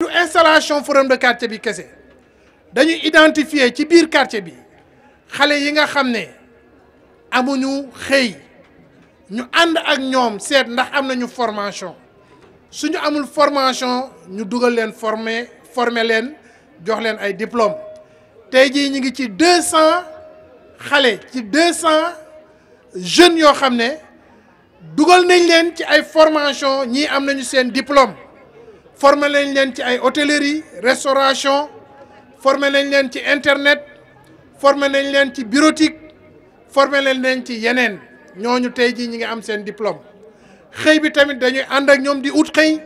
du installation forum de quartier bi kese dañu identifier ci biir quartier bi xale yi nga xam ne amuñu xëy ñu ànd ak ñoom seet ndax am nañu formation suñu amul formation ñu dugal leen former former leen jox leen ay diplôme tey jii ngi ci deux cent xale ci jeunes yo xamné dougal nañ len ci ay formation ñi am nañu sen diplôme formé nañ len ci ay hôtellerie restauration formé nañ len ci internet formé nañ len ci bureautique formé nañ leen ci yenen ñoñu tay ji ñi ngi am sen diplôme xëy bi tamit dañuy and ak ñom di ut xëy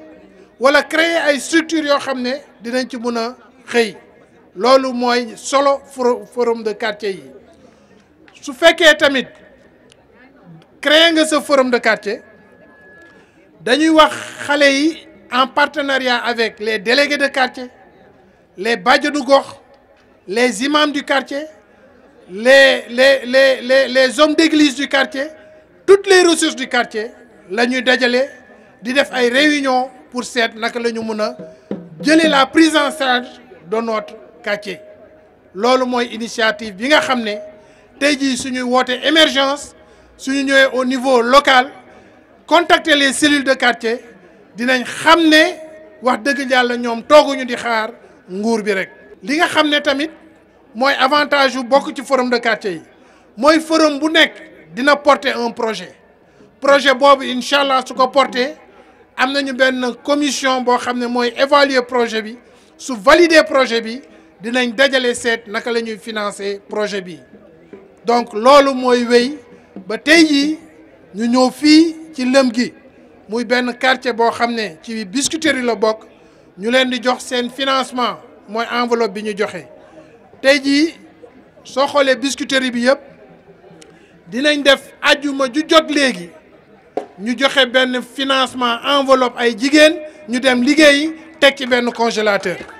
wala créer ay structure yo xamné ne dinañ ci mëna xey lolu moy solo forum de quartier yi su fekkee tamit créé ce forum de quartier nous wax en partenariat avec les délégués de quartier les du les imams du quartier les hommes d'église du quartier toutes les ressources du quartier Nous avons fait une réunion pour cette, nous la la prise en charge de notre quartier C'est l'initiative initiative bi nga nous avons émergence su ñu ñëwee au niveau local contacter les cellules de quartier dinañ xam ne wax dëgg yàlla ñoom tooguñu di xaar nguur bi rek. li nga xam tamit moy avantage yu bokk ci forum de quartier yi moy forum bu nekk dina porter un projet projet bobu inshallah allah su ko porter amna ñu ben commission bo xam moy évaluer projet bi su valider projet bi dinañ dajalé set naka lañuy financer projet bi donc loolu moy wéy ba nous avons ñu ñëw fi ci lëm gi muy ben quartier bo biscuiterie la bok ñu leen di financement moy enveloppe bi ñu joxé tey so xolé biscuiterie bi yëpp dinañ def ju jot financement enveloppe ay ñu dem congélateur